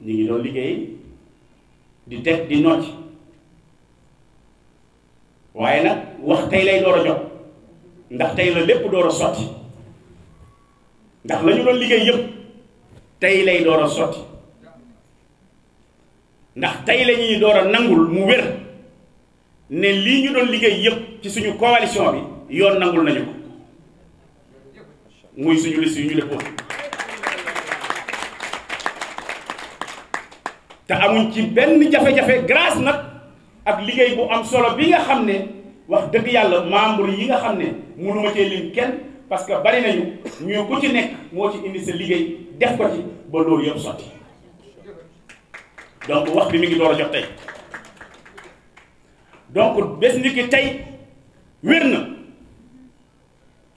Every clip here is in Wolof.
ñu ngi doon liggéey di teg di nocc waaye nag wax tey lay door a jot ndax tey la lépp door a sotti ndax la doon liggéey yëpp tey lay door a sotti ndax tey la ñuy a nangul mu wér ne lii ñu doon liggéey yëpp ci suñu coalition bi yoon nangul nañu ko muy suñu liste yu ñu def te amuñ ci benn jafe-jafe grâce nag ak liggéey bu am solo bi nga xam ne wax dëgg yàlla membre yi nga xam ne mënu ma cee kenn parce que bari nañu ñu ku ci nekk moo ci indi sa liggéey def ko ci ba loolu yëpp sotti donc wax bi mi ngi door a jox tey donc bés ni tey wér na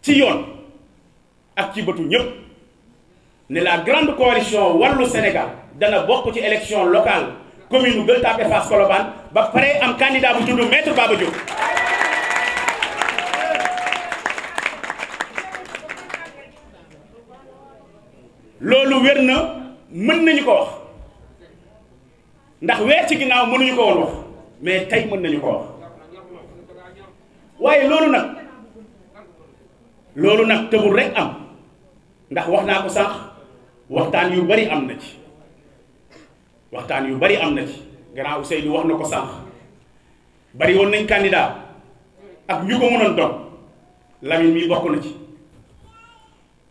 ci yoon ak ci bëtu ñëpp. ne la grande coalition wàllu Sénégal dana bokk ci élection locale commune Gueule Tapée ba pare am candidat bu tudd maître Baba Diop. loolu wér na mën nañu ko wax ndax weer ci ginnaaw mënuñu ko woon wax mais tey mën nañu ko wax waaye loolu nag loolu nag tëbul rek am ndax wax naa ko sànq. waxtaan yu bari am na ci waxtaan yu bari am na ci gannaaw Seydou wax na ko sànq bari woon nañ candidat ak ñu ko mënoon doon Lamine mi bokk na ci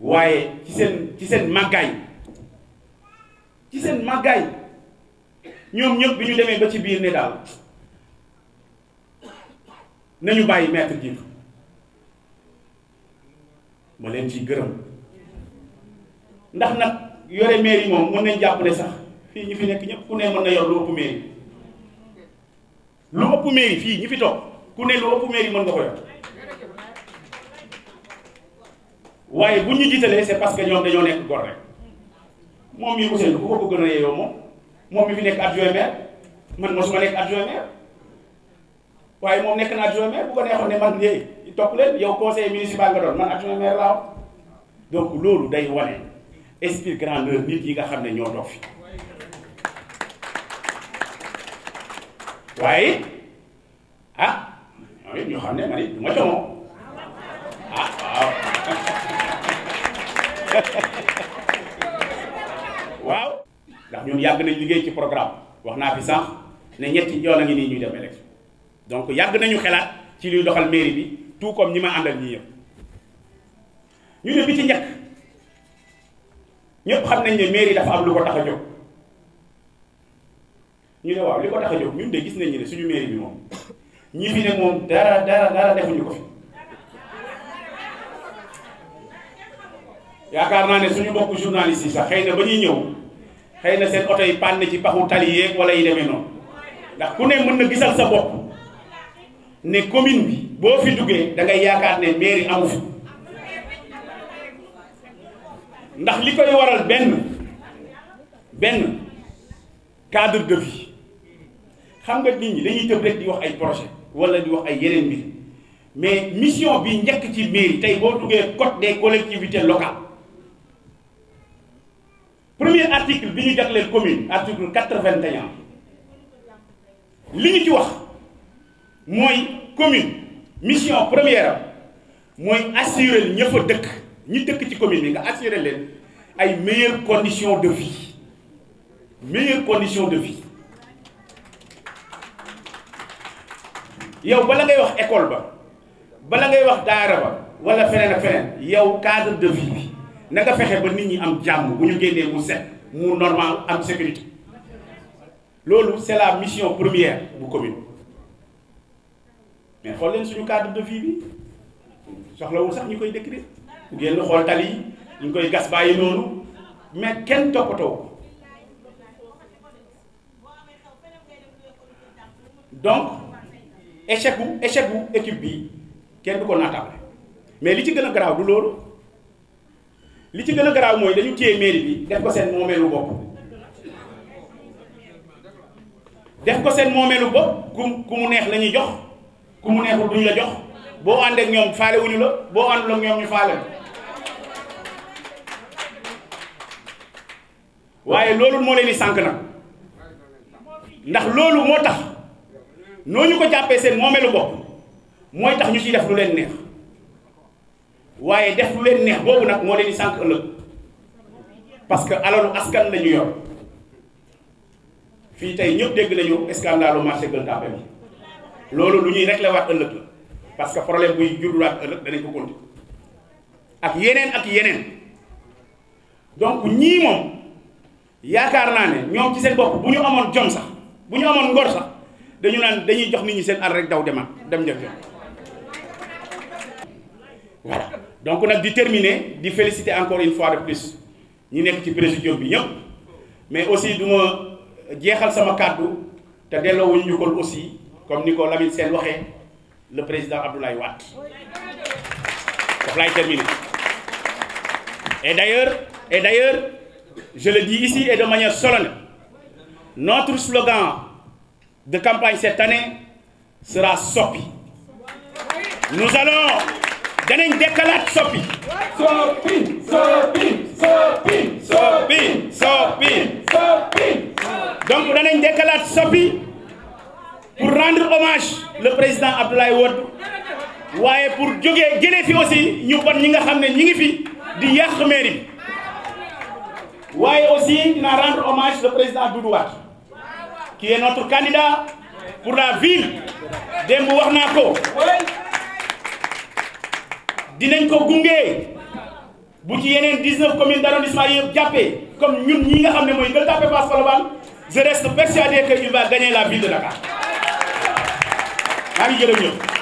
waaye ci seen ci seen màggaay ci seen màggaay ñoom ñëpp bi ñu demee ba ci biir ne daal nañu bàyyi maître jiitu ma leen ciy gërëm ndax nag yore mairie moom mën nañ jàpp ne sax fii ñu fi nekk ñëpp ku ne mën na yor lu ëpp mairie lu ëpp mairie fii ñi fi toog ku ne lu ëpp mairie mën nga ko yor waaye bu ñu jiitalee c'est parce que ñoom dañoo nekk gor rek moom mii Ousseynou ku ko bëgg na yow moom moom mi fi nekk adjoint maire man mosuma nekk adjoint maire waaye moom nekk na adjoint bu ko neexoon ne man léegi topp leen yow conseil municipal nga doon man adjoint maire laa donc loolu day wane. esprit grandeur nit yi nga xam ne ñoo toog fi waaye ah ñoo xam ne man it du ma jomoo ah waaw ndax ñoom yàgg nañ liggéey ci programme wax naa fi sànq ne ñetti yoon a ngi nii ñuy dem élection donc yàgg nañu xelaat ci luy doxal mairie bi tout comme ñi ma àndal ñii yëpp ñu ne bi ci njëkk ñépp xam nañ ne mairie dafa am lu ko tax a jóg ñu ne waaw li ko tax a jóg ñun de gis nañu ne suñu mairie bi moom ñi fi ne moom dara dara dara defuñu ko fi yaakaar naa ne suñu bokk journaliste yi sax xëy na ba ñuy ñëw xëy na seen oto yi pànn ci paxu tali yeeg wala yi demee noonu ndax ku ne mën na gisal sa bopp ne commune bi boo fi duggee da ngay yaakaar ne mairie amu fi ndax li koy waral benn benn cadre de vie xam nga nit ñi dañuy tëb rek di wax ay projet wala di wax ay yeneen mbir mais mission bi njëkk ci mairie tey boo duggee code des collectivités locales premier article bi ñu jagleel commune article quatre-vingt-un li ñu ci wax mooy commune mission première am mooy assurer ñëpp dëkk. ñi dëkk ci commune bi nga assurer leen ay meilleures conditions de vie meilleures condition de vie yow bala ngay wax école ba bala ngay wax daara ba wala feneen ak feneen yow cadre de vie bi na nga fexe ba nit ñi am jàmm bu ñu génnee mu set mu normal am sécurité loolu c'est la mission première bu commune mais xool leen suñu cadre de vie bi soxlawul sax ñu koy décrire. génn xool yi ñu ngi koy gas bàyyi noonu mais kenn toppatoo ko donc échec bu équipe bi kenn du ko naataale mais li ci gën a garaaw du loolu li ci gën a garaaw mooy dañu téye mairie bi def ko seen moomeelu bopp def ko seen moomeelu bopp ku ku mu neex lañuy jox ku mu neexul duñ la jox. boo ànd ak ñoom faale wuñu la boo àndul ak ñoom ñu faale la waaye loolu moo leen di sànq nag ndax loolu moo tax noo ñu ko jàppee seen moomeelu bopp mooy tax ñu ci def lu leen neex waaye def lu leen neex boobu nag moo leen di sànq ëllëg parce que alalu askan la ñu fii tey ñëpp dégg nañu escandalu marché Gueule Tapée loolu lu ñuy réglé waat ëllëg parce que problème buy judduwaat ëllëg danañ ko konti ak yeneen ak yeneen donc ñii moom yaakaar naa ne ñoom ci seen bopp bu ñu amoon jom sax bu ñu amoon ngor sax dañu naan dañuy jox nit ñi seen àll rek daw demaan dem njëkk voilà donc nag di terminer di félicité encore une fois de plus ñi nekk ci présidium bi ñëpp mais aussi du ma jeexal sama kàddu te delloowuñ ñu ko aussi comme ni ko Lamine seen waxee. le président Abdoulaye Wade foofu laay terminer et d'ailleurs et d'ailleurs je le dis ici et de manière solennelle notre slogan de campagne cette année sera soppi nous allons danañ dekkalaat soppi soppi donc pour rendre hommage le président Abdoulaye Wade waaye pour jógee jëlee fi aussi ñu bon ñi nga xam ne ñi ngi fi di yàq mairie bi waaye aussi dina rendre hommage le président Doudou Wade qui est notre candidat pour la ville démb wax naa ko dinañ ko gunge bu ci yeneen 19 communes d' arrondissement yëpp jàppee comme ñun ñi nga xam ne mooy Gueule Tapée Fass Colobane je reste persuadé que il va gagner la ville de yaa ngi jërëjëf